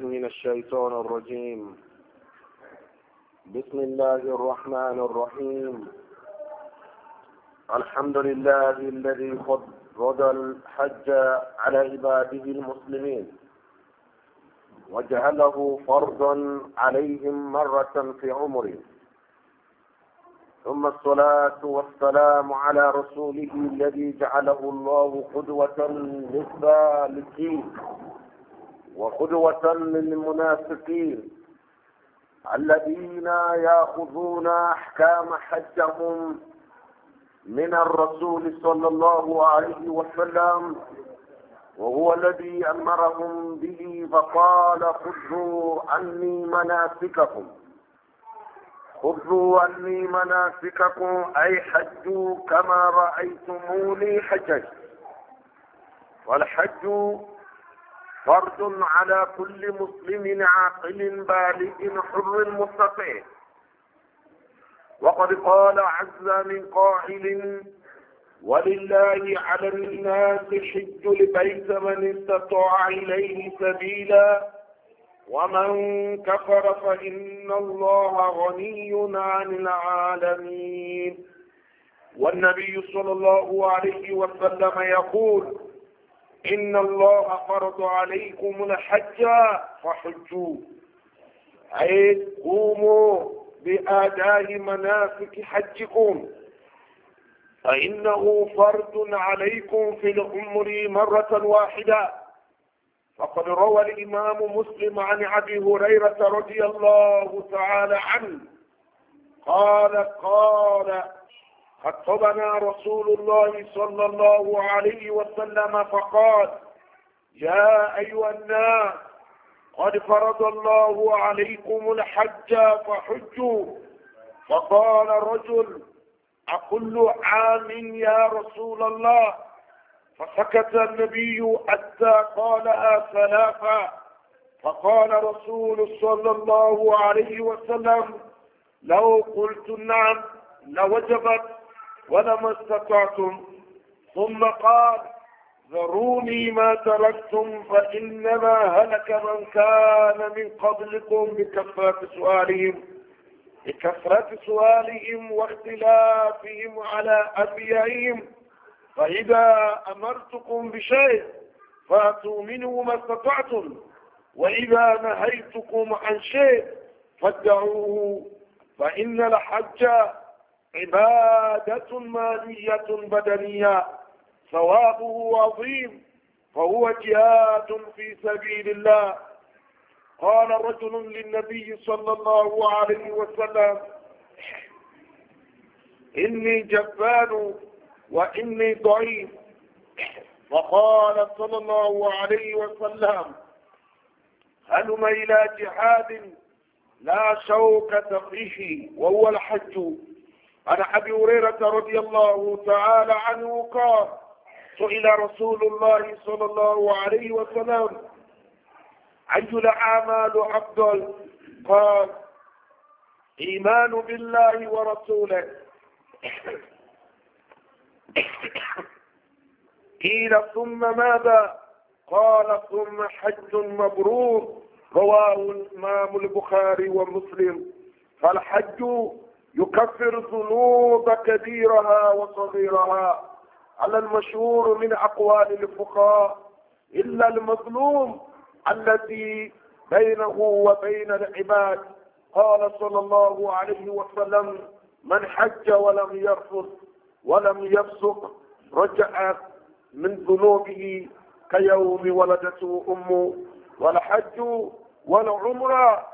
من الشيطان الرجيم بسم الله الرحمن الرحيم الحمد لله الذي فرض الحج على عباده المسلمين وجعله فرضا عليهم مرة في عمره ثم الصلاة والسلام على رسوله الذي جعله الله قدوة للسالكين وقدوة للمنافقين الذين يأخذون أحكام حجهم من الرسول صلى الله عليه وسلم وهو الذي أمرهم به فقال خذوا عني مناسككم خذوا عني مناسككم أي حجوا كما رأيتموني حججت والحج فرض على كل مسلم عاقل بالغ حر مستطيع وقد قال عز من قائل ولله على الناس حج لبيت من استطاع إليه سبيلا ومن كفر فإن الله غني عن العالمين والنبي صلى الله عليه وسلم يقول إن الله فرض عليكم الحج فحجوا أي قوموا بآداء مناسك حجكم فإنه فرض عليكم في العمر مرة واحدة فقد روى الإمام مسلم عن أبي هريرة رضي الله تعالى عنه قال قال خطبنا رسول الله صلى الله عليه وسلم فقال يا أيها الناس قد فرض الله عليكم الحج فحجوا فقال رجل أكل عام يا رسول الله فسكت النبي حتى قالها ثلاثة فقال رسول صلى الله عليه وسلم لو قلت نعم لوجبت ولما استطعتم ثم قال ذروني ما تركتم فإنما هلك من كان من قبلكم بكثرة سؤالهم بكثرة سؤالهم واختلافهم على أبيائهم فإذا أمرتكم بشيء فأتوا منه ما استطعتم وإذا نهيتكم عن شيء فادعوه فإن الحج عبادة مالية بدنية ثوابه عظيم فهو جهاد في سبيل الله قال رجل للنبي صلى الله عليه وسلم إني جبان وإني ضعيف فقال صلى الله عليه وسلم هلم إلى جهاد لا شوكة فيه وهو الحج عن أبي هريرة رضي الله تعالى عنه قال سئل رسول الله صلى الله عليه وسلم أي الأعمال أفضل قال إيمان بالله ورسوله قيل ثم ماذا قال ثم حج مبرور رواه الإمام البخاري ومسلم فالحج يكفر ذنوب كبيرها وصغيرها على المشهور من أقوال الفقهاء إلا المظلوم الذي بينه وبين العباد قال صلى الله عليه وسلم من حج ولم يرفض ولم يفسق رجع من ذنوبه كيوم ولدته أمه ولا حج ولا عمره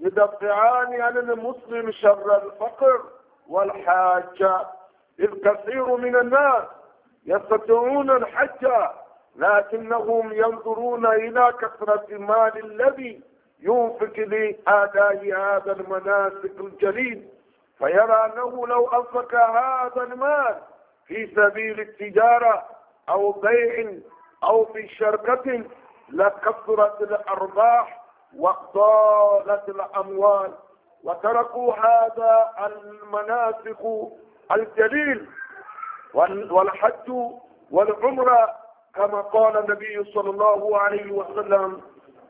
يدفعان عن المسلم شر الفقر والحاجة إذ كثير من الناس يستطيعون الحج لكنهم ينظرون إلى كثرة المال الذي ينفق لأداء هذا المناسك الجليل فيرى أنه لو أنفق هذا المال في سبيل التجارة أو بيع أو في شركة لكثرت الأرباح واقتالت الأموال وتركوا هذا المناسك الجليل والحج والعمرة كما قال النبي صلى الله عليه وسلم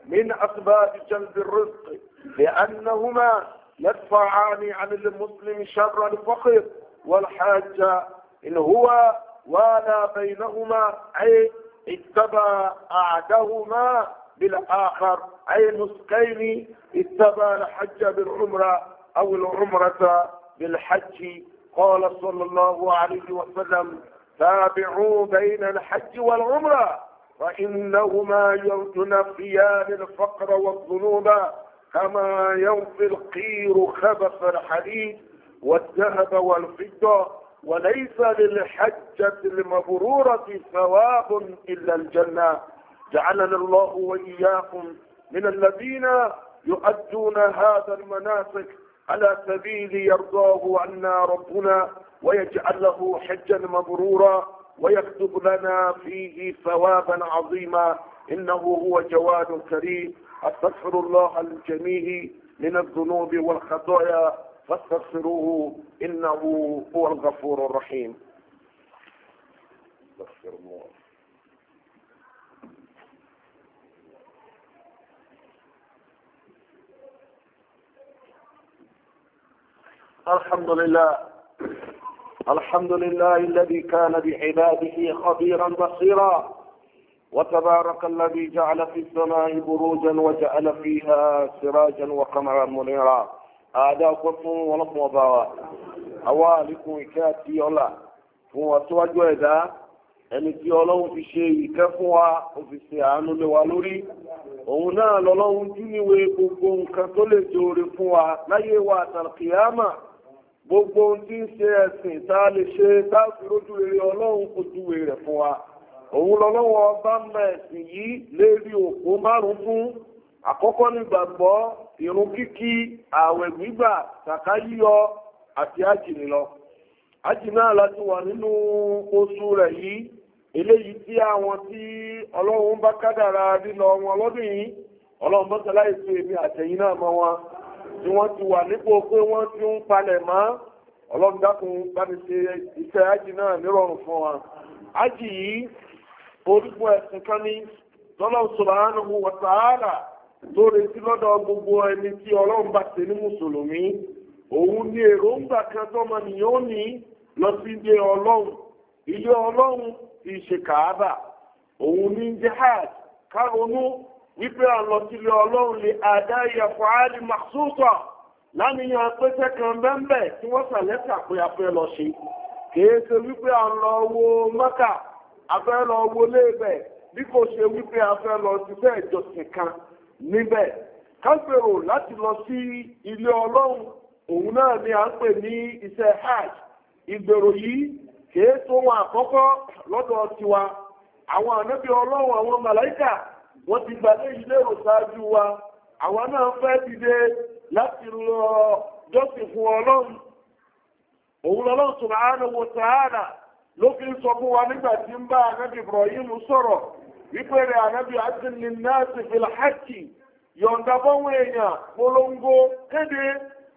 من أسباب جلب الرزق لأنهما يدفعان عن المسلم شر الفقر والحاجة إن هو والى بينهما أي اتبع أعدهما بالآخر أي نسكين اتبع الحج بالعمرة أو العمرة بالحج قال صلى الله عليه وسلم تابعوا بين الحج والعمرة فإنهما ينفيان الفقر والذنوب كما ينفي القير خبث الحديد والذهب والفضة وليس للحجة المبرورة ثواب إلا الجنة جعلنا الله وإياكم من الذين يؤدون هذا المناسك على سبيل يرضاه عنا ربنا ويجعل له حجا مبرورا ويكتب لنا فيه ثوابا عظيما إنه هو جواد كريم أستغفر الله الجميع من الذنوب والخطايا فاستغفروه إنه هو الغفور الرحيم استغفر الله الحمد لله الحمد لله الذي كان بعباده خبيرا بصيرا وتبارك الذي جعل في السماء بروجا وجعل فيها سراجا وقمرا منيرا هذا كفر ولكم وباوا awaalikun ìkẹ́ àti ọlá fún wa síwájú ẹ̀dá ẹni tí ọlọ́run fi ṣe ìkẹ́ fún wa ó fi ṣe àánú lé wa lórí òun náà lọ́lọ́run júniwe gbogbo nǹkan tó lè jòrè fún wa láyé wa àtàlùkìyàmà gbogbo ohun tí ń ṣe ẹ̀sìn tá lè ṣe táàfin lójú rere ọlọ́run kò júwe rẹ̀ fún wa òun lọ́lọ́wọ́ bá mọ ẹ̀sìn yìí lérí òpó márùn-ún fún àkọ́kọ́ nígbàgbọ́ ìrun kíkí ààwẹ̀ gbígbà sàká yíyọ àti ájì nìlọ ájì náà láti wà nínú oṣù rẹ̀ yìí eléyìí tí àwọn tí ọlọ́run bá kádàrá nínú wọn lọ́dún yìí ọlọ́run bọ́sẹ̀ láì fi èmi àtẹ̀yìn náà mọ́ wọn tí wọ́n ti wà nípò pé wọ́n ti ń palẹ̀ mọ́ ọlọ́run dákun bá mi ṣe iṣẹ́ ájì náà nírọ̀rùn fún wa ájì yìí orígun ẹ̀sìn kan ní lọ́lọ́run subhanahu wa ta'ala tó retí lọ́dọ̀ gbogbo ẹni tí ọlọ́run bá ṣe ní mùsùlùmí òun ni èròǹgbà kan tọ́mọnìyàn ó ní lọ sí ilé ọlọ́run ilé ọlọ́run ti ṣe wípé àlọ́sílẹ̀ ọlọ́run lè àdá ìyàfọ́ àálì màṣúùtọ̀ lánìyàn pẹ́sẹ́ kan bẹ́ẹ̀ tí wọ́n sàlẹ́sà pé afẹ́ lọ ṣe wípé à ń mọ́kà afẹ́ lọ léèbẹ̀ bí kò ṣe wípé afẹ́ lọ kan níbẹ̀ láti lọ sí ilé ọlọ́run òun náà à hajj ìgbèrò yìí wọn àkọ́kọ́ lọ́dọ̀ tiwa àwọn ànábì ọlọ́run àwọn wọ́n ti gbà lé ilé ìròsáájú wa àwọn náà fẹ́ dìde láti lọ jọ́sìn fún ọlọ́run òun lọ́lọ́run subhanahu wa ta'ala ló fi ń sọ fún wa nígbà tí ń bá anábì Ibrahim sọ̀rọ̀ wípé rẹ̀ anábì adìní náà ti fi láàkì yọ̀ǹda fáwọn èèyàn polongo kéde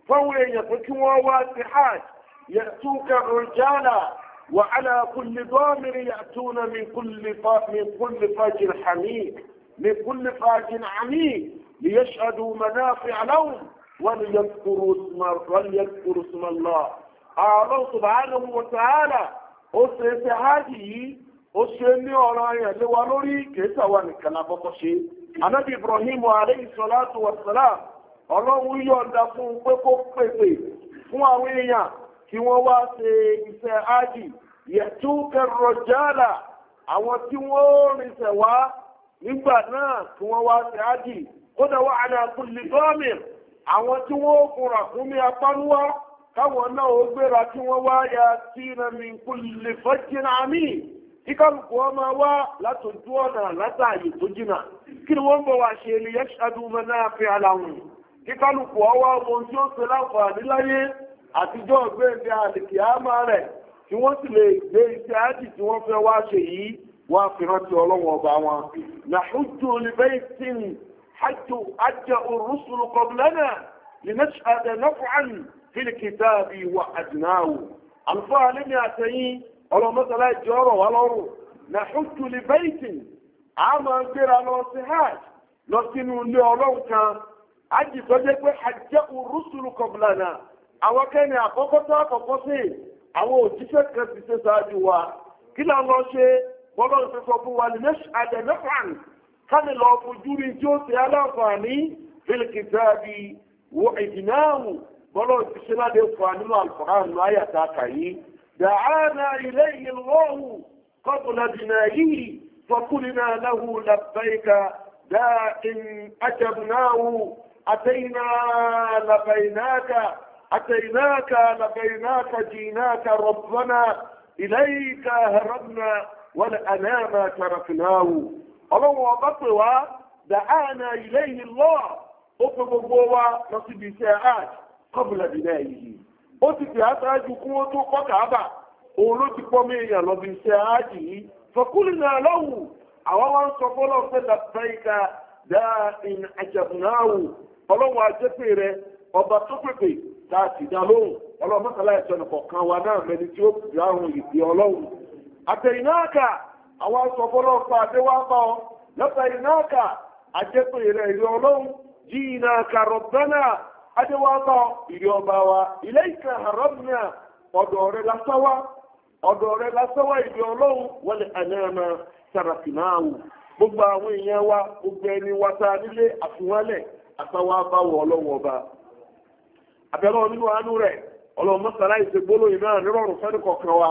fáwọn èèyàn pé kí wọ́n wá sí hajj ya'tuka rijala wa ala kulli damirin ya'tuna min kulli fajin لكل فاج عنيد ليشهدوا منافع لهم وليذكروا اسم وليذكروا اسم الله الله سبحانه وتعالى ó ṣe ṣe háàjì yìí ó ṣe ní ọ̀rọ̀ ayẹ̀ léwa lórí kẹta wa nìkan lábọ́kọ́ ṣe anábì Ibrahim alayhi salatu wa salam ọlọ́run yọ̀ǹda fún un pé kó pèsè fún àwọn èèyàn kí wọ́n wá ṣe iṣẹ́ háàjì yẹ̀tú kẹrọ̀jálà àwọn tí wọ́n rìnṣẹ̀ wá nígbà náà kí wọ́n wá sí ájì kódà wà á náà kúlì gọ́ọ̀mì àwọn tí wọ́n kúnra fún mi apánúwá káwọn náà ó gbéra tí wọ́n wá ya sí na mi kúlì fọ́jìnà mí kí kálukú wọn máa wá látòjú ọ̀nà látàyè tó jìnà kí ni wọ́n bọ̀ wá ṣe ni yẹn ṣàdúmọ̀ náà fi àlàwìn kí kálukú ọwọ́ ohun tí ó ṣe láǹfààní láyé àtijọ́ ọ̀gbẹ́ni àlèkè àmà rẹ̀ tí wọ́n sì lè gbé iṣẹ́ ájì tí wọ́n fẹ́ wá ṣe yìí wọ́n á fi rántí ọlọ́wọ́ ọba wọn nàhùjù olùbẹ́yìntìn hajjù ajá orúsùlù kọ̀ọ̀lẹ́nà lìnàṣ àdẹ̀nàfọ̀án fílìkìtà bí wà àdìnáwò àlùfáà lẹ́ni àtẹ̀yìn ọlọ́mọ́sálá ìjọ ọ̀rọ̀ wà lọ́rùn nàhùjù olùbẹ́yìntìn àmọ́ gbéra lọ sí hajj lọ sínú ilé ọlọ́run kan ájì tó jẹ́ pé àjẹ́ òrùsùlù kọ̀bùlànà àwọn kẹ́ni àkọ́kọ́ tó àkọ́kọ́ sí àwọn òjíṣẹ́ kan bọ́lá ń sọ fún wa lè àdẹ̀mẹ́fàn kánì lọ fojú rí tí ó ti aláǹfààní fílìkìtàbí wọ ìdìnáàmù bọ́lá ti ṣe láti fà nínú àlùfáàn nù àyàtà kàyí dàánà ilé ìlọ́hù kọ́kùnà dìnà yìí فقلنا له لبيك دائم أجبناه أتينا لبيناك أتيناك لبيناك جيناك ربنا إليك هربنا wọ́n àná àmà tàràfìnàwò ọlọ́run ọba pè wá dà áàna ilé yìí lọ́ ó pe gbogbo wa lọ síbi iṣẹ́ hajj kọ́bùlà dìde yìí ó ti pè tó kọ́ kàábà òun ló ti pọ́ mí èèyàn lọ bí iṣẹ́ hajj yìí fọkúlìnà lọ́wù àwọn wa ń sọ fọ́lọ́ pé in ọba tó pèpè a sì dá lóhùn ọlọ́run mọ́tàlá ìjọ nìkan kan wa náà tí àtẹ̀yìnáàkà àwọn asọ̀fọ́lọ́pàá àdéwábá ọ lọ́tẹ̀yìnáàkà àjẹpọ̀ ìrẹ̀ ìrẹ̀ ọlọ́run jí iná kàrọ̀bánà àdéwábá ìrẹ̀ ọba wa ilé ìkà àrọ́bìnà ọ̀dọ̀ rẹ̀ lásáwá ọ̀dọ̀ rẹ̀ lásáwá ìrẹ̀ ọlọ́run wọlé ànáàmà sàràfìnáàwò gbogbo àwọn èèyàn wa gbogbo ẹni wa ta nílé àfihànlẹ̀ àtàwọn abáwọ̀ ọlọ́wọ̀ ọba àbẹ̀lọ́ nínú fẹ́ni kọ̀ọ̀kan wa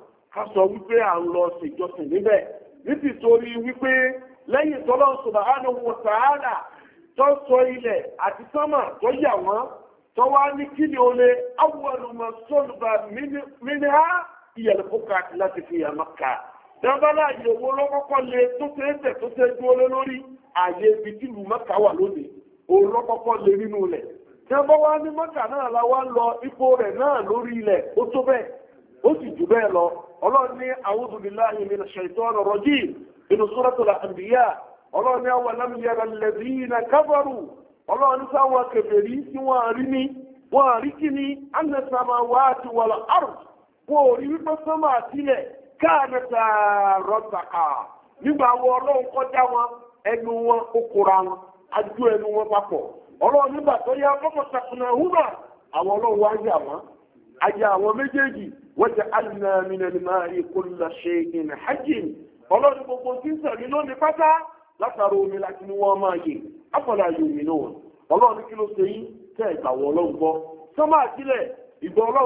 ká sọ wípé à ń lọ sí ìjọsìn níbẹ̀ nítorí wípé lẹ́yìn tọ́lọ́ subhanahu wa ta'ala tó sọ ilẹ̀ àti sánmà tó yà wọ́n tó wá ní kí ni o lè awwalu ma sulba minha ìyẹ̀lẹ̀fọ́kà láti fi yà Mákkà dábàlá ìyòwò lọ́kọ́kọ́ lè tó ṣe é tẹ̀ tó ṣe é dúró lé lórí ààyè ibi tí ìlú Mákkà wà lónìí òun lọ́kọ́kọ́ lè nínú ilẹ̀ tí wá ní Mákkà náà la wá lọ ipò rẹ̀ náà lórí ilẹ̀ ó tó bẹ́ẹ̀ ó sì jù bẹ́ẹ̀ lọ ọlọ́run ní a'udhu billahi minash shaitonir rajim inú suratul anbiya ọlọ́run ní awalam yara alladhina kafaru ọlọ́run ní sáwọn kèfèrí tí wọ́n rí ní wọ́n rí kí ní anna samawati wal ard wọ́n rí wípé sọ́mà sílẹ̀ káàdẹ́ta rọ́tàkà nígbà wo ọlọ́run kọjá wọn ẹnu wọn ó kóra adú ẹnu wọn papọ̀ ọlọ́run nígbà tó yá kọ́kọ́ takunà húnà àwọn ọlọ́run wá yà wọn àyà àwọn méjèèjì waj'alna min al-ma'i kulla shay'in hajjin ọlọ́run gbogbo tí ń sẹ̀rí lónìí pátá látara omi láti ní wọ́n máa yè afọlá yomi náà ọlọ́run kí ló ṣe yín tẹ́ ìgbàwọ̀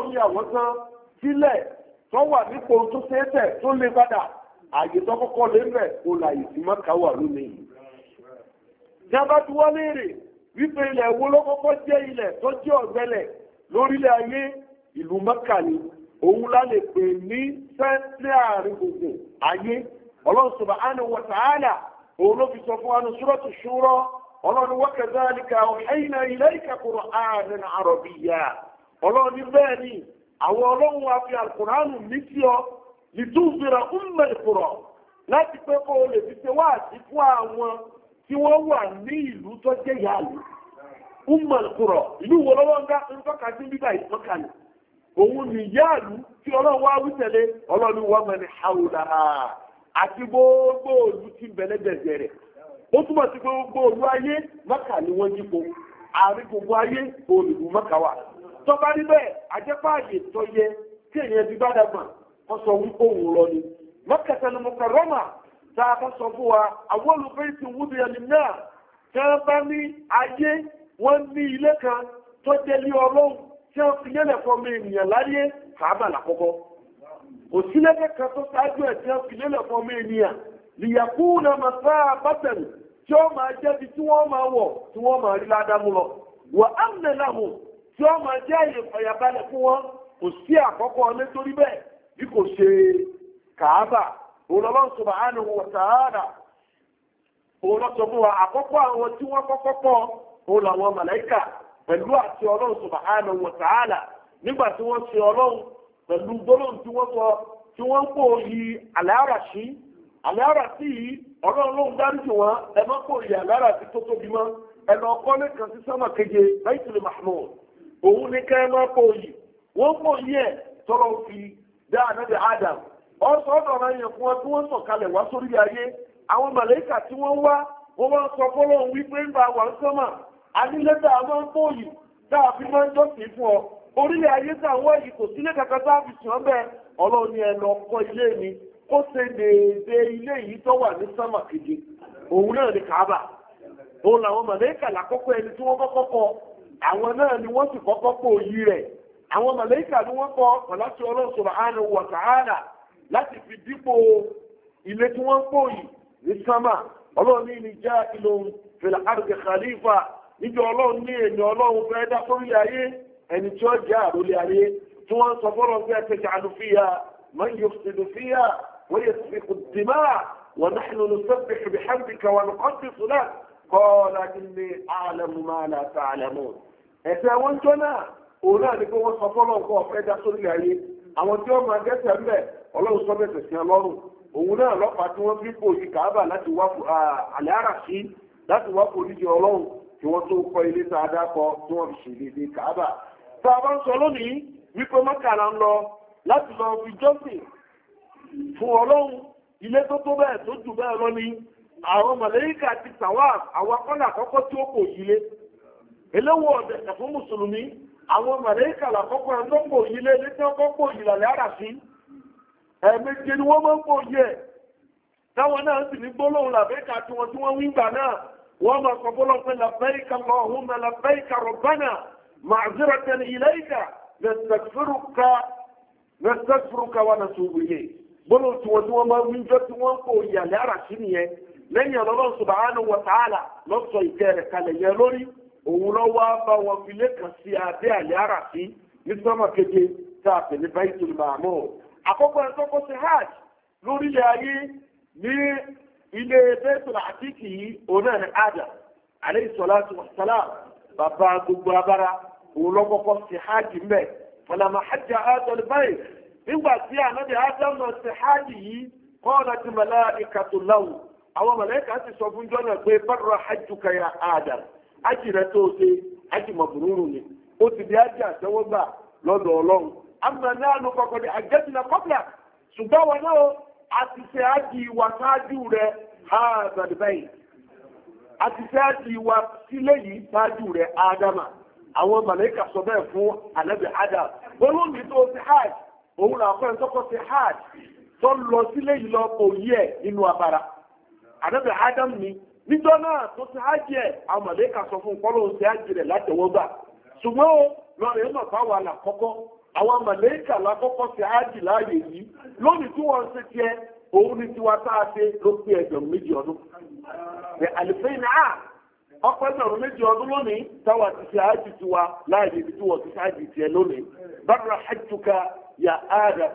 ọlọ́run sílẹ̀ tó wà nípò tó ṣe tó lé padà àyè kọ́kọ́ lé ń bẹ̀ kó là ìsìn mọ́ka wà lónìí. ní abájú wípé ilẹ̀ wo ló jẹ́ ilẹ̀ tó jẹ́ ọ̀gbẹ́lẹ̀ lórílẹ̀ ayé ìlú mọ́kà ni òun lálẹ́ pè ní sẹ́ńtẹ́ àárín gbogbo ayé ọlọ́run subhanahu wa ta'ala òun ló fi sọ fún wa ní suratu shura ọlọ́run wa kadhalika awhayna ilayka qur'anan arabiyya ọlọ́run ní bẹ́ẹ̀ ni àwọn ọlọ́run wa fi alukùránù ní sí ọ lìtúnfìrà ummul qura láti pé kó o lè fi ṣe wá àti fún àwọn tí wọ́n wà ní ìlú tó jẹ́ yàrá ummul ìlú wo ń ká ń tọ́ka sí bíbá ìtọ́kalẹ̀ òun ni yáàlú tí ọlọ́run wá wí tẹ̀lé ọlọ́run wọ́n mọ̀ ní haúlára àti gbogbo òlu tí ń bẹ̀lẹ́ bẹ̀rẹ̀ rẹ̀ ó túmọ̀ sí gbogbo òlu ayé mọ́kà ni wọ́n yípo àárín gbogbo ayé olùlù mọ́kà wà tọ́ba níbẹ̀ àjẹpáàyè tọ́ yẹ tí èèyàn ti bá dàgbà wọ́n sọ wípé òun lọ ni mọ́kàtà ni mo kà rọ́mà tá a bá sọ fún wa àwọn olùfẹ́ ti wúdi ẹni náà tí wọ́n bá ní ayé wọ́n ní ilé kan tó jẹ́ lé ọlọ́run tí wọ́n fi lélẹ̀ fún ọmọ ènìyàn láyé kàábà lákọ́kọ́ kò sí lẹ́gbẹ́ kan tó ṣáájú ẹ̀ tí wọ́n fi lélẹ̀ fún ọmọ ènìyàn lìyàkú na màsá bátẹ̀lì tí wọ́n máa jẹ́ bí tí wọ́n máa wọ̀ tí wọ́n máa rí ládámú lọ wà á mẹ́ làwọn tí wọ́n máa jẹ́ àyè fàyàbalẹ̀ fún wọn kò sí àkọ́kọ́ nítorí bẹ́ẹ̀ bí kò ṣe kàábà Ọlọ́hun subhanahu wa wa àkọ́kọ́ àwọn tí wọ́n kọ́kọ́ pọ̀ òun làwọn màláìkà pẹ̀lú àti ọlọ́run subhanahu wa ta'ala nígbà tí wọ́n ṣe ọlọ́run pẹ̀lú gbólóhùn tí wọ́n sọ tí wọ́n ń pòòyì àlàáràṣí àlàáràṣí yìí ọlọ́run ló ń dáríjì wọn ẹ má pòòyì àlàáràṣí tó tóbi mọ́ ẹnà ọkọ́lé kan sí keje baitul mahmud òun ní ká ẹ má wọ́n ẹ̀ fi dá adam ọ̀sọ̀ ọ̀dọ̀ sọ anílẹ́ta àwọn bóòlì dáa fi máa ń jọ́sìn fún ọ orílẹ̀ ayé táwọn èyí kò sílé kankan tá a fi sùn ọbẹ̀ ọlọ́run ni ẹnu ọkọ ilé mi ó ṣe déédéé ilé yìí tó wà ní sánmà keje òun náà ni kàábà òun làwọn màlẹ́kà lákọ́kọ́ ẹni tí wọ́n kọ́kọ́ kọ àwọn náà ni wọ́n sì kọ́kọ́ pò yí rẹ̀ àwọn màlẹ́kà ni wọ́n kọ́ pàlásì ọlọ́run subhanahu wa ta'ala láti fi dípò ilé tí wọ́n pò yìí ní sánmà ọlọ́run ní ìjà ìlò fil ardi khalifa níjọ ọlọ́run ní èmi ọlọ́run fẹ́ dá sórí ayé ẹni tí ó jẹ́ àrólé ayé tí wọ́n ń sọ fọ́lọ́ fẹ́ tẹ̀sí àlùfíà máa ń yọ sídùfíà wọ́n yẹ sí dìmá wọ́n náà nínú sẹ́fẹ̀ ṣùgbọ́n hàndíkà wọn kọ́ sí sùnà kọ́ọ̀lá ní àlẹ́mú máa là sá àlẹ́mú. ẹ̀sẹ̀ wọn jọ náà òun náà ni pé wọ́n sọ fọ́lọ́ nǹkan ọ̀fẹ́ dá sórí ayé àwọn tí wọ́n máa dẹ́sẹ̀ ńbẹ̀ ọlọ́run sọ bẹ́ẹ̀ tẹ̀sí ọlọ́run òun náà lọ́pàá tí wọ́n fi kò yí kàábà láti wá àlẹ́ àràṣí láti wá kò níjẹ ọlọ́run kí wọ́n tó kọ́ ilé tá a dákọ tí wọ́n fi ṣèlédè kàábà tá a bá ń sọ lónìí wípé mọ́kànlá ń lọ láti lọ fi jọ́sìn fún ọlọ́run ilé tó tó bẹ́ẹ̀ tó jù bẹ́ẹ̀ lọ ni àwọn màlẹ́ríkà ti tàwa àwọn akọ́nà àkọ́kọ́ tí ó kò yílé eléwọ̀ ọ̀dẹ̀ fún mùsùlùmí àwọn màlẹ́ríkà làkọ́kọ́ ẹ̀ tó kò yílé ní tí wọ́n kò yìlà lára sí ẹ̀ẹ̀mejì ni wọ́n máa ń kò yẹ táwọn náà sì ní gbólóhùn làbẹ́ka tí wọ́n tí wọ́n wí gbà náà wọ́n máa sọ fọ́lọ́ pé labẹ́ríkà lọ́hùnmẹ́ labẹ́ríkà rọ̀bánà màzíra tẹ̀lé iléyìíkà nẹ́sẹ̀fúrúkà wà náà sùn wòye bọ́lọ̀ tí wọ́n tí wọ́n máa wí jọ tí wọ́n kò yà lára sí nìyẹn lẹ́yìn ọlọ́run subhanahu wa ta'ala lọ́sọ̀ ìtẹ́ rẹ̀ kalẹ̀ yẹn lórí òun lọ wá bá wọn fi lẹ́kàn sí abẹ́ àyára sí ní sọ́mà keje tá a pè ní Baitul Ma'mur àkọ́kọ́ ẹ̀ tọ́kọ́ sí hajj lórílẹ̀ ayé ní ilé bẹ́tùlá àtìkì yìí òun náà ni ájà alayhi salatu wassalam bàbá gbogbo abára òun lọ́kọ́kọ́ sí hajj mbẹ́ fọlọ́mọ hajj ájọlù báyìí nígbà tí ànábì ájọ náà sí hajj yìí kọ́ọ̀nà ti malaikatu lahu àwọn màláíkà ti sọ fún jọ́nà pé barra hajjuka ya ájà ájì rẹ tó ṣe ájì mabrurun ni ó ti di ájì àtẹwọ́gbà lọ́dọ̀ ọlọ́run àmì àti ṣe ájì ìwà ṣáájú rẹ̀ ààbàdìbẹ́yì àti ṣe ájì ìwà sílé yìí ṣáájú rẹ̀ ádámà àwọn màlẹ́kà sọ bẹ́ẹ̀ fún ànábì ádám olóòmì tó ti hajj òun là fẹ́ tọ́kọ́ ti hajj tó lọ sílé yìí lọ kò yí ẹ̀ nínú abara ànábì ádám ni níjọ́ náà tó ti hajj ẹ̀ àwọn màlẹ́kà sọ fún kọ́lọ́ ti látẹ̀wọ́gbà ṣùgbọ́n lọ́rẹ̀ mọ̀ báwa kọ́kọ́ àwọn mọ̀lẹ́kà lákọ́kọ́ sí ájì láàyè yìí lónìí tí wọ́n ṣe òun ni tiwa tá a ṣe ló pé ẹgbẹ̀rún méjì ọdún. ọpẹ́ ẹgbẹ̀rún méjì ọdún lónìí táwa ti ṣe ájì tiwa láàyè ibi tí wọ́n ti ṣe ájì tiẹ̀ lónìí. hajjuka ya áàdà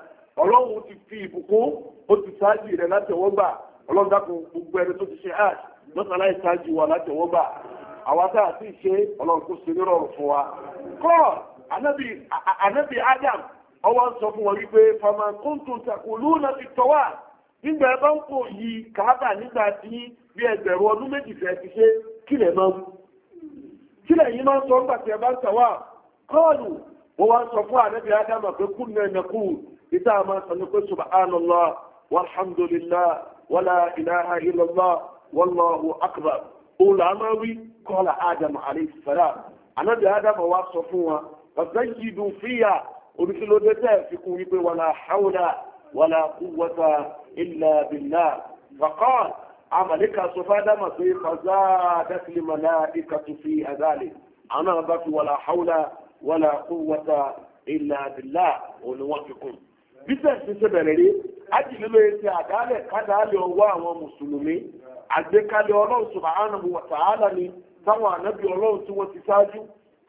ọlọ́run ti fi ìbùkún ó ti ṣáájì rẹ̀ látẹ̀wọ́gbà gbogbo ẹni tó ti ṣe wa àwa tá a ti ṣe ọlọ́run kó ṣe nírọ̀rùn fún wa. ànábì Adam ọwọ́ sọ fún wọn wípé fama kóńtò takòlú náà ti tọ́wà nígbà ẹ bá ń kò yí kàábà nígbà tí bí ẹgbẹ̀rún ọdún méjì fẹ́ ti ṣe kílẹ̀ máa mú kílẹ̀ yìí máa ń sọ nígbà tí ẹ bá ń tàwà kọ́ọ̀lù wọ́n wá sọ fún ànábì Adam pé kú náà nàkú ìta àmà sọ ní pé subhanallah walhamdulillah wala ilaha illallah wallahu akbar òun làá máa wí kọ́ọ̀lù Adam alayhi salam ànábì Adam wá sọ fún wa fàṣẹ́yìdù fíyà oníṣẹ́lódé tẹ́ fi kún wípé wàlá haúlà wàlá kúwọ́ta ilẹ̀ bìlá fàkọ́n àmàlíkà sọ fádámà pé fàzá dákìlì màlá ìkà tó fi àdáàlè àwọn náà bá fi wàlá haúlà wàlá kúwọ́ta ilẹ̀ bìlá òní wọ́n fi kún. bísẹ̀ ti ṣe bẹ̀rẹ̀ rí ájìlélo ẹsẹ̀ àdáálẹ̀ kádàálẹ̀ ọwọ́ àwọn mùsùlùmí àgbékalẹ̀ ọlọ́run subhanahu wa ta'ala ni táwọn ànábì ọlọ́run tí wọ́n ti ṣáájú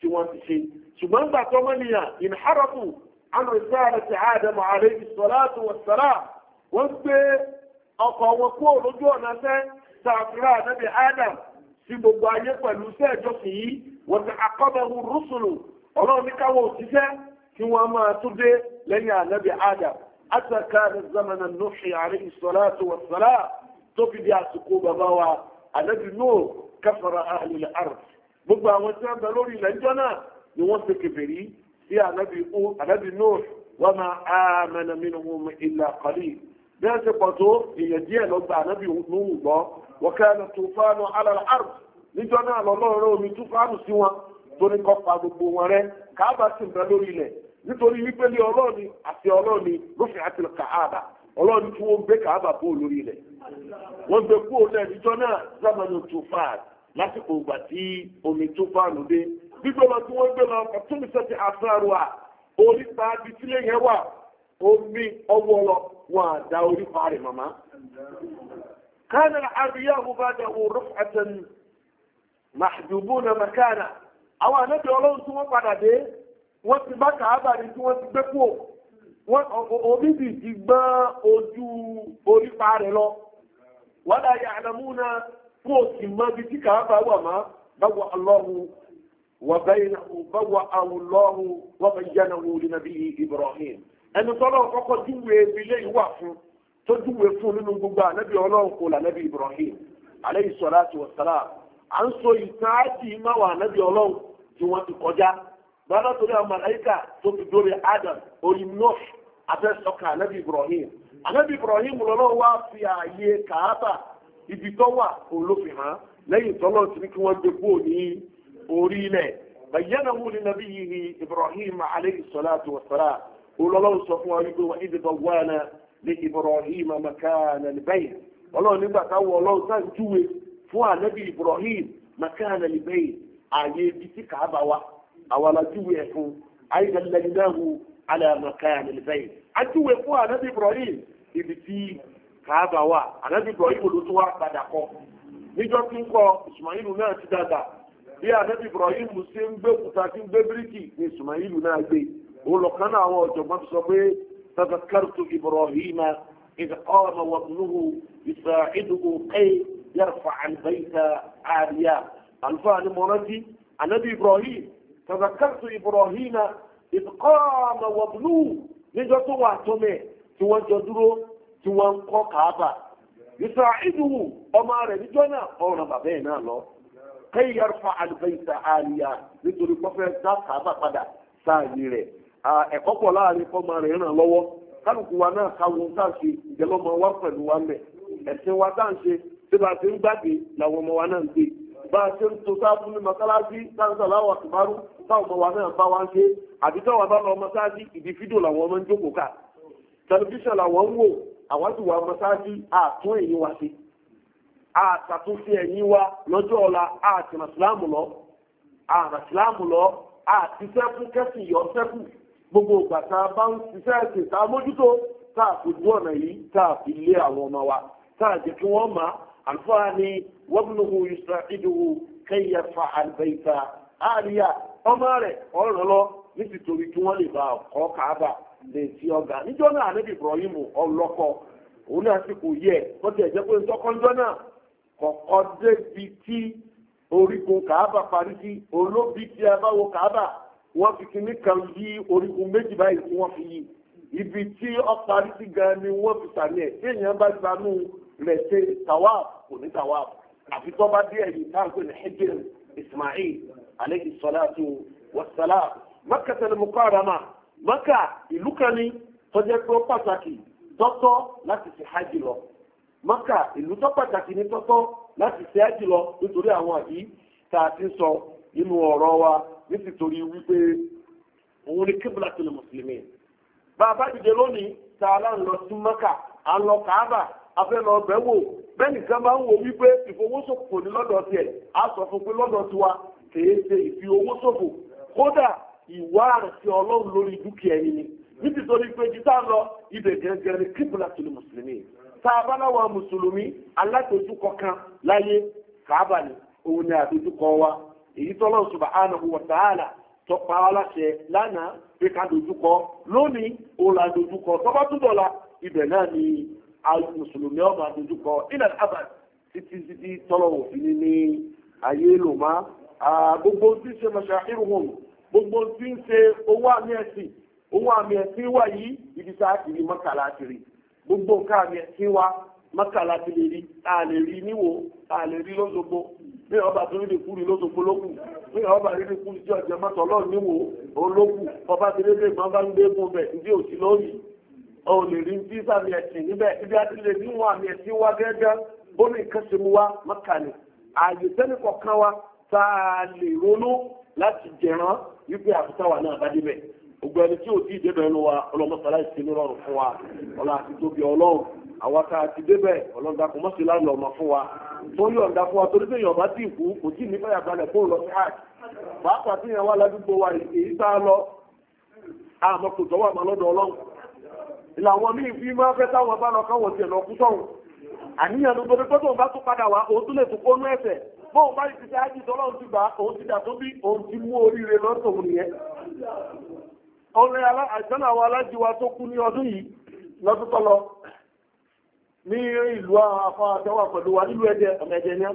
tí wọ́n ti ṣe ṣùgbọ́n gbà tó mọ́nìyàn ìnhárọ́kù àwọn ìsáàlà ti àdàmọ̀ àrẹ ìsọ̀láàtù wọ̀sálà wọ́n gbé ọkọ̀ wọn kúrò lójú ọ̀nà sẹ́ sàfúrà ànábì Adam sí gbogbo ayé pẹ̀lú iṣẹ́ ìjọsìn yìí wọ́n ti àkọ́bẹ̀rù rúṣùlù ọlọ́run ní káwọn òṣìṣẹ́ kí wọ́n máa tún dé lẹ́yìn ànábì Adam àtàkà gbogbo àwọn tí wọ́n bẹ lórí ilẹ̀ náà ni wọ́n ṣe kèfèrí sí ànábì u ànábì wa ma amana omi illa qalil bí wọ́n ṣe pọ̀ tó èèyàn díẹ̀ ló gba ànábì Nuh gbọ́ wa kana tufanu ala al-ard níjọ́ náà omi tufanu sí wọn torí kọ́ pa gbogbo wọn rẹ káàbà sì ń bẹ lórí ilẹ̀ nítorí wípé ní ọlọ́ọ̀ni àti ọlọ́ọ̀ni lófin àti kàáàbà ọlọ́ọ̀ni tí wọ́n gbé kàáàbà bó lórí ilẹ̀ wọ́n gbé kúrò náà lásìkò ìgbà tí omi tó fáànù dé ndị tí wọ́n gbé lọ kàtúndì sẹ́tì àṣàrò à orípa yẹn wà omi ọwọ́ lọ wọn à da orípa rẹ̀ màmá. àwọn ọlọ́run tí wọ́n padà dé wọ́n ti bá kàábà tí wọ́n ti gbé wọ́n ti gbọ́n ojú lọ kó o sì máa bí tí kàábà wà má báwa Allahu wà baynahu báwa Allahu wà bayyanahu li nabiyyi Ibrahim ẹni tọ́lọ́ kọ́kọ́ júwe ilé yìí wà fún tó júwe fún nínú gbogbo ànábì ọlọ́run kò lànábì Ibrahim alayhi salatu wa salam à ń sọ ìtàn ájì máwà ànábì ọlọ́run tí wọ́n ti kọjá bàbá torí àwọn màláìkà tó fi dórí Adam orí Nuh abẹ́sọ̀kà ànábì Ibrahim ànábì Ibrahim lọ́lọ́ wá fi ààyè kàábà ibi tó wà olófin hàn lẹ́yìn tọ́lọ́ ti ní kí wọ́n gbé kúrò ní orí ilẹ̀ bayyana hu linabi yihi ibrahim alayhi salatu wa salam olólọ́wọ́ sọ fún wa wípé wa ibi tó wà náà ní ibrahim makana libayin ọlọ́run nígbà táwọn ọlọ́run sáà ń júwe fún ànábì ibrahim makana libayin ààyè ibi tí kàábà wa àwọn alájúwe ẹ̀fún ayélujára náà hu alẹ́ makana libayin ajúwe fún ànábì ibrahim ibi tí kàábà wà ànábìbọ̀ ìbò ló tún wá padà kọ́ níjọ́ tí ń kọ́ ìsùmáìlù náà ti dàgbà bí ànábì Ibrahim ṣe ń gbé òkúta tí ń gbé bíríkì ní ìsùmáìlù náà gbé olùkan náà àwọn ọ̀jọ̀gbọ́n ti sọ pé tazakkartu Ibrahim idh qama wabnuhu yusa'iduhu kay yarfa al-bayta 'aliya àlùfáà ni mo rántí ànábì tí wọ́n ń kọ́ kàábà yíṣọ́ ìdúwù ọmọ rẹ̀ níjọ́ náà ọ̀ràn bàbá ẹ̀ náà lọ kẹ́yìn yàrá fa àlùbẹ́yìntà àríyá nítorí pọ́fẹ́ dá kàábà padà sáàyè rẹ̀ ẹ̀kọ́ pọ̀ láàrin fọ́mọ rẹ̀ ràn lọ́wọ́ kálukú wa náà káwọn tá à ń ṣe ìjẹ́lọ́mọ wa pẹ̀lú wa mẹ́ ẹ̀sìn wa tá ṣe tí bá a ṣe ń gbàgbé làwọn ọmọ wa náà ń gbé bá a ṣe ń to sáàbù ní mọ́sálásí sáàbù aláwọ̀ àtìmárù àwọn ti wà mọ́sáájú àtún èyí wa sí àtàtúnṣe ẹ̀yìn wa lọ́jọ́ ọ̀la àtìmọ̀ síláàmù lọ àrùn síláàmù lọ àti sẹ́kù kẹ́sì yọ sẹ́kù gbogbo ìgbà tá a bá ń ṣiṣẹ́ ẹ̀sìn tá a mójútó tá a fojú ọ̀nà yìí tá a fi lé àwọn ọmọ wa tá a jẹ́ kí wọ́n mọ̀ àlùfáà ni wabnuhu yusa'iduhu kayyafa albayta àríyá ọmọ rẹ̀ ọ̀rọ̀ lọ ní tìtorí kí wọ́n lè bá ọkọ̀ kàábà lè ti ọgà níjọ́ náà ànábì Ibrahim ọlọ́kọ òun náà sì kò yẹ bọ́tẹ̀ ẹ̀jẹ̀ pé ntọ́kọ́njọ́ náà kọ̀kọ́ débi tí orígun kàábà parí sí olóbi tí a bá wo kàábà wọ́n fi kíní kan yí orígun méjì báyìí tí wọ́n fi yí ibi tí ọ parí sí gan ni wọ́n fi sàmì ẹ̀ tí èèyàn bá gbanú rẹ̀ ṣe tàwa kò ní tàwa àfi tó bá dé ẹ̀yìn táǹkì ní Hijr Ismail aleyhi salatu wa salam Makkah al-Mukarramah. Maka ìlú kan ní tọ́jẹ́ pé ó pàtàkì tọ́tọ́ láti ṣe hajj lọ mọ́kà ìlú tó pàtàkì ní tọ́tọ́ láti ṣe hajj lọ nítorí àwọn àbí tá a ti sọ nínú ọ̀rọ̀ wa nítorí wípé òun ni kébùlà tó lè mùsùlùmí bàbá dìde lónìí tá a láń lọ sí mọ́kà à ń lọ kàábà afẹ́ lọ bẹ̀ wò bẹ́ẹ̀ nìkan bá ń wo wípé ìfowósòfò ní lọ́dọ̀ tiẹ̀ á sọ fún pé lọ́dọ̀ tiwa kèé ṣe ìfi owó ṣòfò kódà ìwá àrùsí ọlọ́run lórí dúkìá ẹni ni níbi tó ní pé jíta lọ ibẹ̀ gẹ́gẹ́ ní kíbùlà tìlú mùsùlùmí tá a bá láwọn mùsùlùmí alátojúkọ kan láyé kàábà ni òun ni àdójúkọ wa èyí tọ́lọ́ subhanahu wa ta'ala tó pa wá láṣẹ lánàá pé ká dojúkọ lónìí òun là dojúkọ tọ́ba túbọ̀ la ibẹ̀ náà ni mùsùlùmí ọmọ àdójúkọ ilẹ̀ abad títí títí tọ́lọ́ òfin ní ayé lòmá gbogbo tí ṣe mọ̀ṣáhírù hàn gbogbo tí ń ṣe owó àmì ẹ̀sìn owó àmì ẹ̀sìn wà yìí ibi tá a ti rí mọ́kàlá ti rí gbogbo nǹkan àmì ẹ̀sìn wa mọ́kàlá ti lè rí a lè rí níwò a lè rí lọ́sọ̀gbọ́ bí ọba tó rí kúrì lọ́sọ̀gbọ́ lókù bí ọba rí kúrì jẹ́ ọ̀jẹ̀ mọ́tọ̀ lọ́ọ̀ níwò olókù ọba ti rí bẹ́ẹ̀ gbọ́n bá ń gbé egun bẹ̀ ní òsì lónìí ọ lè rí ní sàmì ẹ̀sìn níbẹ̀ ibi a ti lè níwọ̀n àmì ẹ̀sìn wa gẹ́gẹ́ bó ní ìkẹ́sìmú wa mọ́kàlẹ̀ àyè sẹ́nìkọ̀ọ̀kan wa tá a lè ronú láti jẹran wípé àfitáwà náà bá débẹ̀ ògbọ́n ẹni tí ò tí débẹ̀ wa ọlọ́mọsálá ìsinmi rọrùn fún wa ọlọ́ àti tóbi ọlọ́run àwọn tá a ti débẹ̀ ọlọ́dàkùn mọ́sílá ń wa tó ọ̀dà fún wa torí pé yọ̀ọ̀bá tí ìkú kò tí ní balẹ̀ lọ sí pàápàá tí a lọ àmọ́ làwọn míì fi máa fẹ́ táwọn bá lọ káwọn tiẹ̀ lọ kú sọ́hun àníyàn ló bá bóun bá ti ṣe ájì tọ́lọ́run ti gbà òun ti dàtó bí òun ti mú oríire lọ́tòun nìyẹn ọ̀rẹ́ àìsàn àwọn alájíwá tó kú ní ọdún yìí lọ́dún tó ní ìlú afọ pẹ̀lú wa nílùú ẹ̀dẹ ọmọ ẹ̀dẹ ní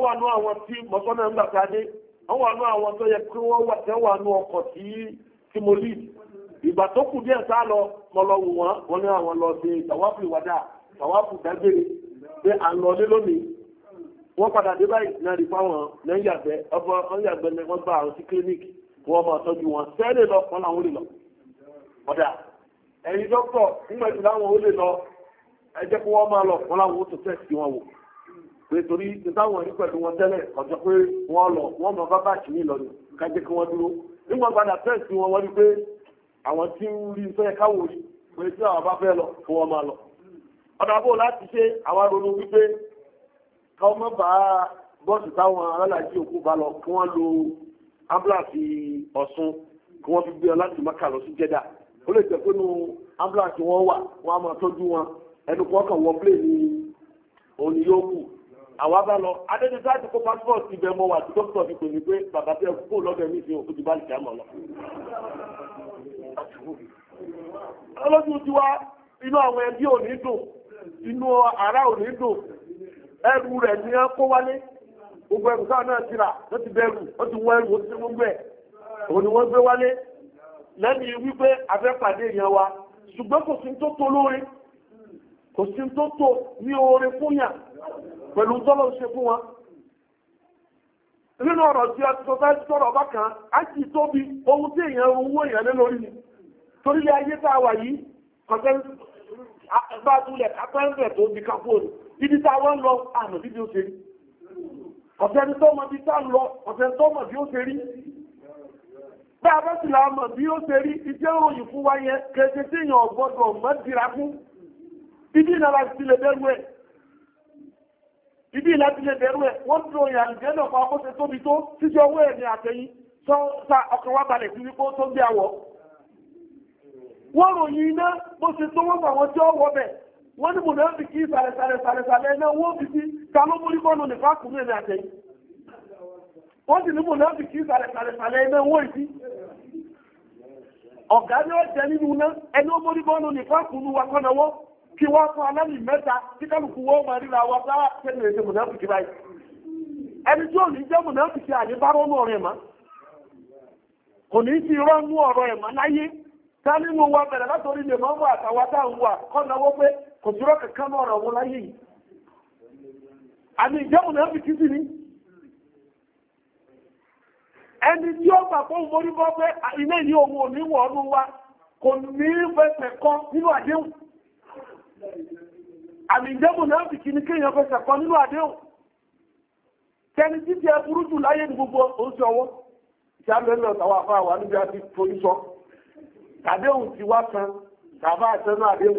wọ́n nú àwọn tí ìgbà tó kù díẹ̀ wọ́n padà dé báyìí náà rí fáwọn náà yàgbẹ́ ọgbọ́n wọ́n yàgbẹ́ náà wọ́n gba àwọn sí clinic wọ́n máa tọ́jú wọn sẹ́ẹ̀lì lọ wọn làwọn olè lọ ọ̀dà ẹ̀yin dókítọ̀ nígbàtí láwọn olè lọ ẹ jẹ́ kó wọ́n máa lọ wọn làwọn ó tó tẹ̀sí wọn wò pé torí nítawọn ẹni pẹ̀lú wọn tẹ́lẹ̀ ọjọ́ pé wọ́n lọ wọ́n máa bá báàkì ní ìlọrin ká jẹ́ kí wọ́n dúró nígbà padà tẹ̀sí wọn wọ́n rí pé àwọn tí ń rí sọ́yẹ káwọ́ rí pé tí àwọn bá fẹ́ lọ fún wọn máa lọ ọ̀dà bò láti ṣe àwọn ronú wípé káwọn mọ́ bá bọ́ọ̀sì táwọn alálàájì òkú bá lọ kí wọ́n lo ambulance ọ̀sun kí wọ́n fi gbé ọ láti mọ́kà lọ sí jẹ́dà ó lè jẹ́ pé nu ambulance wọn wà wọ́n á máa tọ́jú wọn ẹnu kọ́ kàn wọ́n plé ní òun ni yóò kù àwa bá lọ adédèsá ti kó passport ti bẹ̀ mọ́ wa tí dókítà fi pè mí pé bàbá tẹ kó lọ́dọ̀ mi fi òkú ti bá lè kí á mọ̀ lọ. ọlọ́dún inú àwọn ẹbí ò ní dùn inú ara ò ní dùn ẹrù rẹ̀ ní ẹ kó wálé gbogbo ẹrù sáà náà ti rà ó ti bẹ̀rù ó ti wọ ẹrù ó ti ṣe gbogbo ẹ̀ òun ni wọ́n gbé wálé lẹ́yìn wípé afẹ́pàdé èèyàn wa ṣùgbọ́n kò sí tó tó lóore kò sí tó tó ní oore fún yàn pẹ̀lú tọ́lọ̀ ṣe fún wọn nínú ọ̀rọ̀ tí a ti sọ fẹ́ sọ̀rọ̀ bákan á sì tóbi ohun tí èèyàn owó èèyàn lé lórí ni torílẹ̀ ayé tá a wà yìí kọ̀tẹ́ bá túlẹ̀ kápẹ́ńtẹ̀ tó bí kápóòlù ibi táwọn lọ àmì bí ó ṣe rí ọ̀tẹ́ni tó mọ̀ bí tá ń lọ ọ̀tẹ́ni tó mọ̀ bí ó ṣe rí bá a bá sì là mọ̀ bí ó ṣe rí iṣẹ́ òyìn fún wa yẹn kẹsẹ̀ tí èèyàn gbọ́dọ̀ mọ́ dira fún ibi ìnara ti lè bẹ̀rù ẹ̀ ibi ìlà ti lè bẹ̀rù ẹ̀ wọ́n tó ìyà ìjẹ́ náà pa ọkọ̀ṣe tóbi tó títí ọwọ́ ẹ̀ ní àtẹ̀yìn tó ta ọkàn wa balẹ̀ sí wípé ó tó gbé àwọ̀ wọ́n ròyìn iná bó ṣe tó wọ́n bẹ̀ wọ́n ní mọ̀nà fi kí ìsàlẹ̀sàlẹ̀sàlẹ̀ ẹ̀nà owó fi sí ta ló múrí bọ́ọ̀lù ní fákùnrin ẹ̀mí àtẹ́yìn wọ́n sì ní mọ̀nà fi kí ìsàlẹ̀sàlẹ̀sàlẹ̀ ẹ̀nà owó ìsí ọ̀gá ní ọ̀jẹ́ nínú mórí ní fákùnrin wa kọ́nàwọ́ kí wọ́n fún alámì mẹ́ta kálukú wọ́n máa ríra tẹ́lẹ̀ kí báyìí ẹni tí ò ní jẹ́ kí kò sí rọ́kẹ̀ kan mọ́ ọ̀rọ̀ wọn láyé yìí àmì ìjẹ́mù náà fi kí sí ni ẹni tí ó gbà fún mórí bọ́ pé ilé yìí òun ò ní wọ̀ ọdún wa kò ní fẹsẹ̀ kan nínú àdéhùn àmì ìjẹ́mù náà fi kí ni kéèyàn fẹsẹ̀ kan nínú àdéhùn tẹni títí ẹ burú jù láyé ní gbogbo oṣù ọwọ́ ìṣàlẹ̀ lọ tàwọn afáwà níbi àti forí sọ àdéhùn ti wá kan tàbá àtẹnu àdéhùn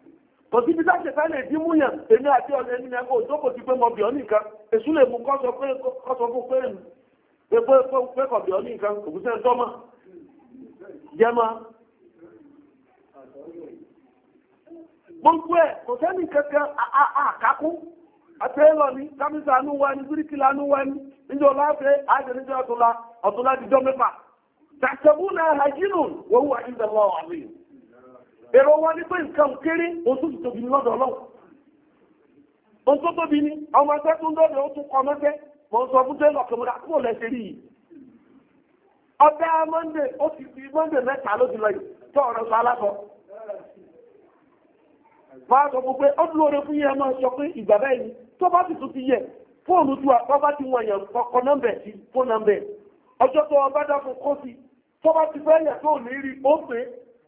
kò sí bí sáṣẹ sáà lè dí mú yàn èmi àti ọ̀nà ẹni ẹ̀kọ́ òjókòó ti pé mo bì ọ́ nìkan èṣù lè mú kọ́sọ pé kọ́sọ fún pé pé kọ̀ bì ọ́ nìkan kò sí ẹjọ́ mọ́ jẹ́mọ́ gbogbo ẹ̀ kò sẹ́ni kankan àkákú àtẹ́lọ ni kámísà anú wa ni bíríkìlà anú wa ni níjọ láàfẹ́ àjẹníjọ ọ̀túnlá ọ̀túnlá dìjọ mẹ́fà tàṣẹ̀bù náà hajjínú wọ́n wà ní ìdàlọ́ àríyìn èrò wọn ní pé nǹkan kéré ohun tó tóbi ní lọ́dọ̀ ọlọ́run ohun tó tóbi ní ọmọ ẹgbẹ́ tó ń lọ́dọ̀ ó tún kọ mẹ́fẹ́ mo ń sọ fún tó ń lọ kẹmọ́ra kúrò lẹ́sẹ̀ rí yìí ọbẹ̀ mọ́ndé ó ti fi mọ́ndé mẹ́ta ló ti lọ yìí tó ọ̀rọ̀ sọ alákọ máa sọ fún pé ó dúró fún yẹn máa sọ pé ìgbà bẹ́ẹ̀ ni tó bá ti tún ti yẹ fóònù tí wọ́n bá ti wọ̀nyàn kọ nọ́mbẹ̀ sí fóònù nọ́mbẹ̀ ọjọ́ tó wọ́n bá dá fún kó sí tó bá ti fẹ́ yẹ tó ní rí ó pé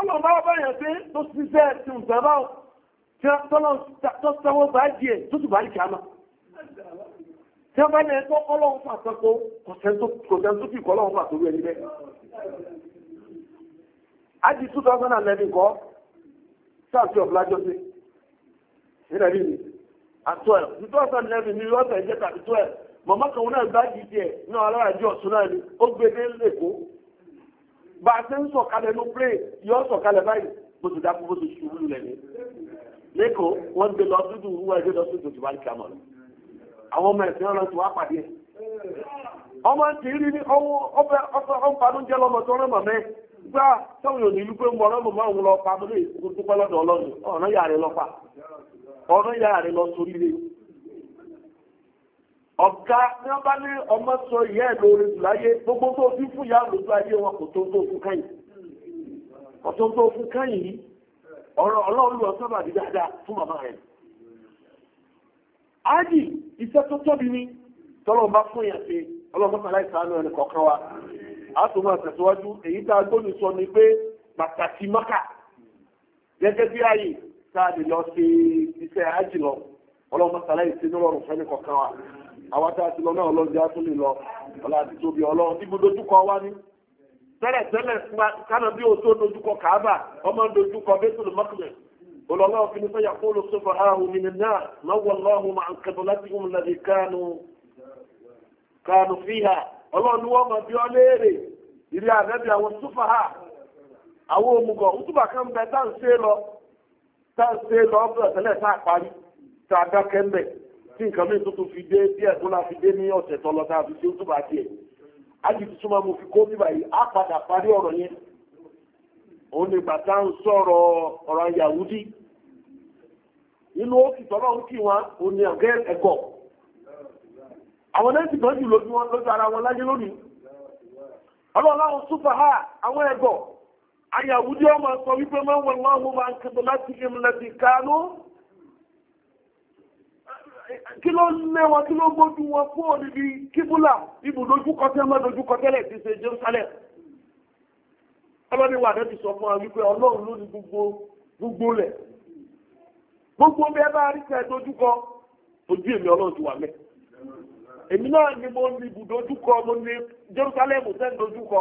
ọlọ́run bá báyàn pé tó ti bẹ́ẹ̀ tí ń bàbá ò tó sọwọ́ bá jì ẹ̀ tó sì bá rí kàámà tí wọ́n bá ní ẹ̀tọ́ ọlọ́run pàtàkó kọ̀sẹ̀ tó fi kọ́ ọlọ́run pàtó rẹ̀ níbẹ̀ ájì 2011 kọ́ sáàtì ọ̀bùlájọ́ sí nílẹ̀ rí mi at 12 2011 ní ọ̀sẹ̀ ìjẹta 12 mọ̀mọ́kànwó náà bá jì jẹ́ náà alára jẹ́ ọ̀tún náà ni ó gbé dé lẹ́kọ̀ọ́ bá a ṣe ń sọ̀kalẹ̀ ló pé yọ sọ̀kalẹ̀ báyìí bó ti dákú bó ti ṣubú lulẹ̀ ní. lẹ́kọ̀ọ́ wọ́n gbé lọ dúdú wúwo ẹgbẹ́ lọ sódò tí wàá kí a mọ̀ lọ. àwọn ọmọ ẹ̀sìn ọlọ́sìn wàá pàdé ẹ̀. ọmọ ti rí ní ọwọ́ ọfẹ́ ọfẹ́ ọ̀npanújẹ lọ́mọ tó rán mọ̀mẹ́ gbá táwọn èèyàn nílùú pé ń bọ̀ ọ̀rọ̀ mọ̀mọ́ òun lọ pa mọ́lẹ̀ ìkókó pẹ́ lọ́dọ̀ ọlọ́run ọ̀rọ̀ yàrá lọ pa ọ̀rọ̀ yàrá lọ sórí lé ọ̀gá ní ọba ní ọmọ sọ ìyá gbogbo tó fi fún ìyá lórí ayé wọn kò tó tó fún káyìn kò tó fún káyìn yìí ọ̀rọ̀ ọlọ́run lọ sábà di dáadáa fún màmá rẹ̀ ájì iṣẹ́ tó ní bá fún pé ẹni kọ̀ọ̀kan wa a tó máa tẹ̀síwájú èyí tá a gbóni sọ ni pé pàtàkì mọ́kà gẹ́gẹ́ bí àwọn tá a ti lọ náà lọ́jọ́ àtúnlẹ̀ lọ ọ̀la àti tóbi ọlọ́run níbo dojúkọ wá ní. tẹ́lẹ̀ tẹ́lẹ̀ kánà bí o tó dojúkọ kàábà ọmọ dojúkọ bẹ́tùlù mọ́kùnrin olọ́lọ́wọ́ fi ní sọ́yà kó ló sọ́fà áhùn mi nínú náà lọ́wọ́ lọ́hùn máa ń kẹ́bọ̀ láti ń lẹ́bi kánú fíhà ọlọ́run wọ́n mọ̀ bí ọ léèrè ìrí àrẹ́bí àwọn súfà àwọn òmùgọ̀ òtúbà kan bẹ táǹsẹ́ lọ táǹsẹ́ lọ bẹ̀rẹ̀ tẹ́lẹ̀ tí nǹkan mi tuntun fi dé la fi ní ọ̀sẹ̀ a tó bá tiẹ̀ tuntun máa mo fi kó bíbà yìí á padà parí ọ̀rọ̀ yẹn òun ni bàtà ń sọ̀rọ̀ ọ̀rọ̀ Yahudi nínú òkè tọ́lọ́ ń kí wọn òun ni ọ̀gẹ́ ẹ̀kọ́ àwọn náà ti jù lójú wọn lójú ara wọn láyé lónìí súpà ha àwọn ẹ̀gọ́ ọmọ sọ wípé kí ló lé wọn kí ló gbójú wọn fún òdìdí kíbúlà ibùdójúkọ tẹ́ mọ́dójúkọ tẹ́lẹ̀ ti ṣe Jerusalem ọlọ́ni wà lẹ́bi sọ fún wa wípé ọlọ́run ló ní gbogbo gbogbo lẹ̀ gbogbo bí ẹ bá rí tẹ dojúkọ ojú èmi ọlọ́run ti wà mẹ́ èmi náà ni mo ní ibùdójúkọ mo ní Jerusalem tẹ́ dojúkọ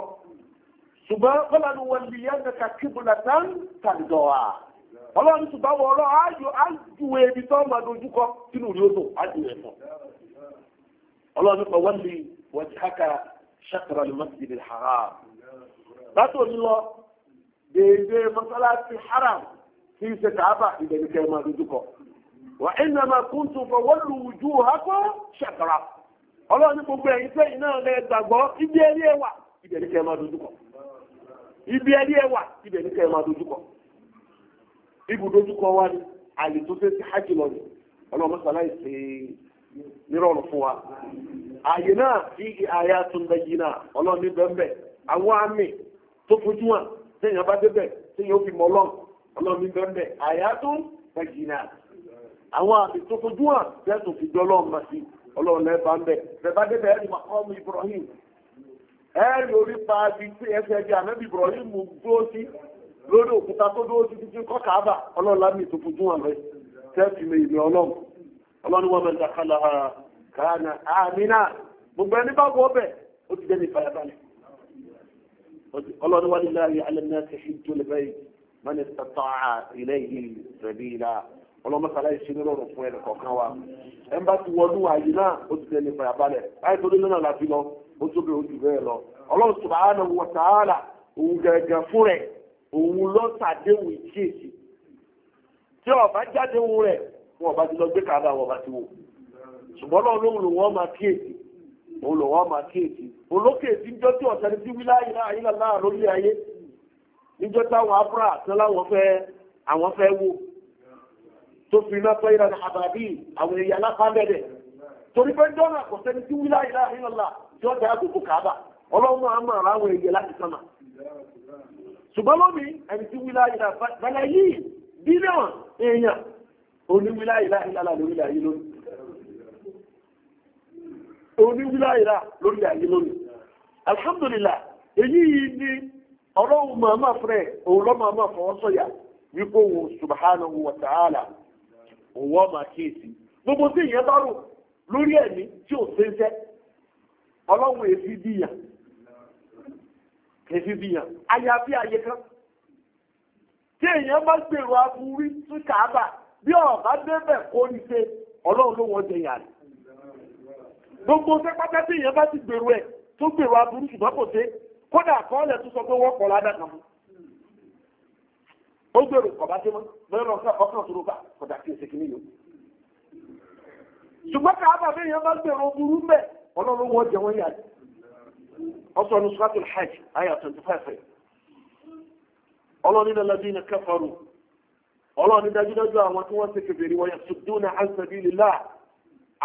ṣùgbọ́n kọ́lá ni wọ́n lè yá nǹkan kíbúlà tán tàbí dọ̀wà. ọlọ́run ṣùgbọ́n wọ ọlọ́ ájúwe ibi tó máa dojúkọ sínú rí odò ájúwe fún ọlọ́run pẹ̀ wọ́n lè wọ́n ti hákà ṣàkàrà lè haram látò ní lọ dèédé mọ́sálásí haram si í ṣe kàábà ìdẹ̀nìkẹ́ máa dojúkọ wà ẹ̀nà máa kún tó fọ wọ́n lù ú ju ṣàkàrà ọlọ́run ní gbogbo ẹ̀yìn sẹ́yìn náà lẹ gbàgbọ́ ibi ẹ̀rí ibùdókọ wa ni àyè tó fẹ́ sí hajj lọ ni ọlọ́run mọ́sálá ìṣe nírọ̀rùn fún wa. àyè náà fi àyà tún bẹ yìí náà ọlọ́run ní bẹ́ẹ̀ bẹ́ẹ̀ àwọn àmì tó fojú hàn téèyàn bá débẹ̀ téèyàn ó fi mọ ọlọ́run ọlọ́run ní bẹ́ẹ̀ bẹ́ẹ̀ àyà tún náà àwọn àmì tó fojú hàn tẹ́sùn fi jọ ọlọ́run mà sí ọlọ́run lẹ́ bá ń bẹ̀ bẹ́ẹ̀ bá débẹ̀ ẹ̀rì màkọ́mù Ibrahim ẹ̀rì orí pa ibi tí ẹsẹ̀ ẹ̀jẹ̀ Ibrahim dúró lórí òkúta tó dúró títí tí kọ́ kàábà ọlọ́run lámì tó fojú wọn rẹ̀ tẹ́ẹ̀fì mi ìlú ọlọ́run ọlọ́run wọn bẹ̀rẹ̀ kálá kàánà àmìnà gbogbo ẹni bá wọ́ bẹ̀ ó ti dẹ́ni fàyàbalẹ̀ ọlọ́run wọn nílá yìí alẹ́ náà ti fi jó lẹ́bẹ̀ yìí wọ́n ní tata ilé yìí rẹ̀bí ilá ọlọ́run mọ́sálá yìí ṣe lọ́rùn fún ẹnì kọ̀ọ̀kan wa ẹn bá ti wọnú àyè náà ó ti dẹ́ni fàyàbalẹ̀ láì tó òun ìkíyèsí tí ọba jádéhùn rẹ̀ wọn ọba ti lọ gbé kàábà wọn ti wò ṣùgbọ́n náà lóhùn lòun ọmọ kíyèsí òun lòun ọmọ kíyèsí tí ọ̀sẹ̀ ní ti wí láàyè láàyè láàá lórí ayé níjọ́ táwọn abúrà àti láwọn fẹ́ àwọn fẹ́ wò tó fi iná ìrànà àbàbí àwọn èèyàn torí pé tí wí tí àgùkù ọlọ́run ṣùgbọ́n lómi ẹni tí wílá ìlà bàlá yìí bílíọ̀n èèyàn oníwílá ìlà ìlàlà lórílẹ̀ ayé lónìí oníwílá ìlà lórílẹ̀ ayé lónìí alhamdulillah èyí ni ọ̀rọ̀ màmá fẹ́ òun lọ́ màmá subhanahu wa ta'ala kẹfí bí yàn àyàfi àyè kan tí èèyàn bá gbèrò aburú sí kàábà bí ọ̀bá débẹ̀ kó ní ṣe ọlọ́run ló wọ́n jẹ yàrá gbogbo ṣe pátá tí èèyàn bá ti gbèrò ẹ̀ tó gbèrò aburú ṣùgbọ́n kò ṣe kódà àkọọ́lẹ̀ tó sọ pé wọ́n kọ̀ ládàá kan fún ó gbèrò kọ̀ bá ṣe mọ́ bẹ́ẹ̀ lọ sí ọkàn tó rọ́bà kọ̀dà kí èsì kìíní yòó ṣùgbọ́n kàábà bí èèyàn bá gbèrò ọsọ ní suratul آية ayà 25 ọlọ́ni náà lọ́dún iná kafaru ọlọ́ni dájúdájú àwọn tí wọ́n ti kèbèrè wọ́n yẹn sudduna an sabilillah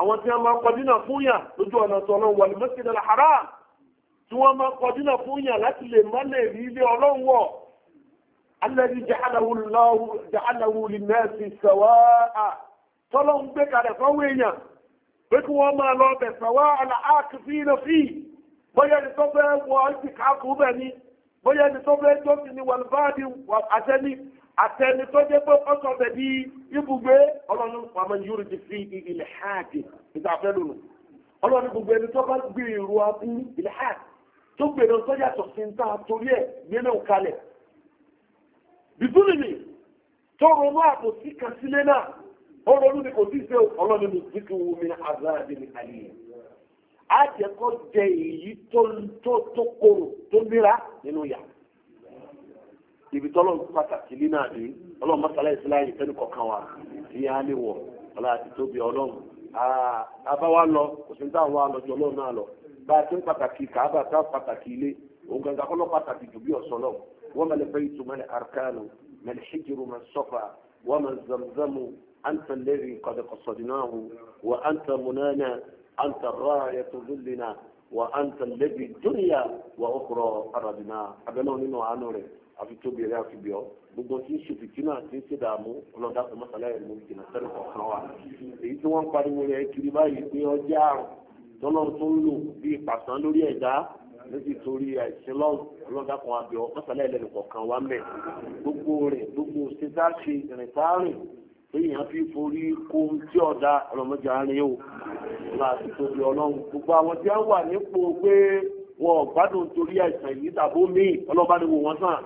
àwọn tí wọ́n máa kọjú náà fún yà lójú ọ̀nà tó ọlọ́run wal masjid máa kọjú fún yà láti lè má lè rí ilé ọlọ́run wọ̀ alladhi ja'alahu linnasi sawa'a tọ́lọ́ ń gbé kalẹ̀ fọ́wọ́ èèyàn pé kí wọ́n máa lọ bẹ̀ sàwá àlà áàkì bóyá ẹni tó fẹ́ wọ ọ́jì káàkù bẹ̀ ni bóyá ẹni tó fẹ́ jókì ni wàlúbáàdì àtẹni àtẹni tó jẹ́ pé ọ̀sọ̀ bẹ̀ di ibùgbé ọlọ́run pàmò yóò di fi ilẹ̀ háàdì níta fẹ́ lónìí ọlọ́run gbogbo ẹni tó bá gbé ìrù abú ilẹ̀ háàdì tó gbèrò tó yàtọ̀ sí ta torí ẹ̀ gbélé òkalẹ̀ bìtúlìmì tó ronú àpò sí kan náà ó ronú ni kò sí ọlọ́run ní àjẹkọ́ jẹ èyí tó tó korò tó nira nínú yà ibi tọ́lọ̀ ń pàtàkì lé náà dé ọlọ́run mọ́sálá ìsìláyè fẹ́ni kọ̀ọ̀kan wa ní alẹ́ wọ̀ ọlá àti tóbi ọlọ́run àbáwá lọ kò sí wa lọ ju ọlọ́run náà lọ bá a ti ń pàtàkì kàábà tá pàtàkì ilé òun gangan kọ́ lọ́ pàtàkì jù bí ọ̀sán lọ wọ́n mẹ́lẹ̀ fẹ́ ìtumọ̀ mẹ́lẹ̀ arkanu mẹ́lẹ̀ hijiru mẹ́lẹ̀ sọ́fà wọ́n mẹ́lẹ̀ zamzamu أنت الذي قد قصدناه وأنت منانا antara الراية ذلنا وأنت الذي الدنيا wa èyí tí wọ́n ń pariwo rẹ̀ kiri báyìí pé ọjà àrùn tọ́lọ́ tó ń lò bí ìpàsán lórí ẹ̀dá lójú torí àìsàn lọ́wọ́ ọlọ́dà kan àbíọ mọ́sálá yẹn lẹ́nu wa gbogbo èèyàn fi forí kó tí ọ̀dá ọ̀rọ̀mọjà rìn o láti tóbi ọlọ́run gbogbo àwọn tí wọ́n wà nípò pé wọn gbádùn torí àìsàn yìí tàbó míì ọlọ́ba ni wò wọ́n sàn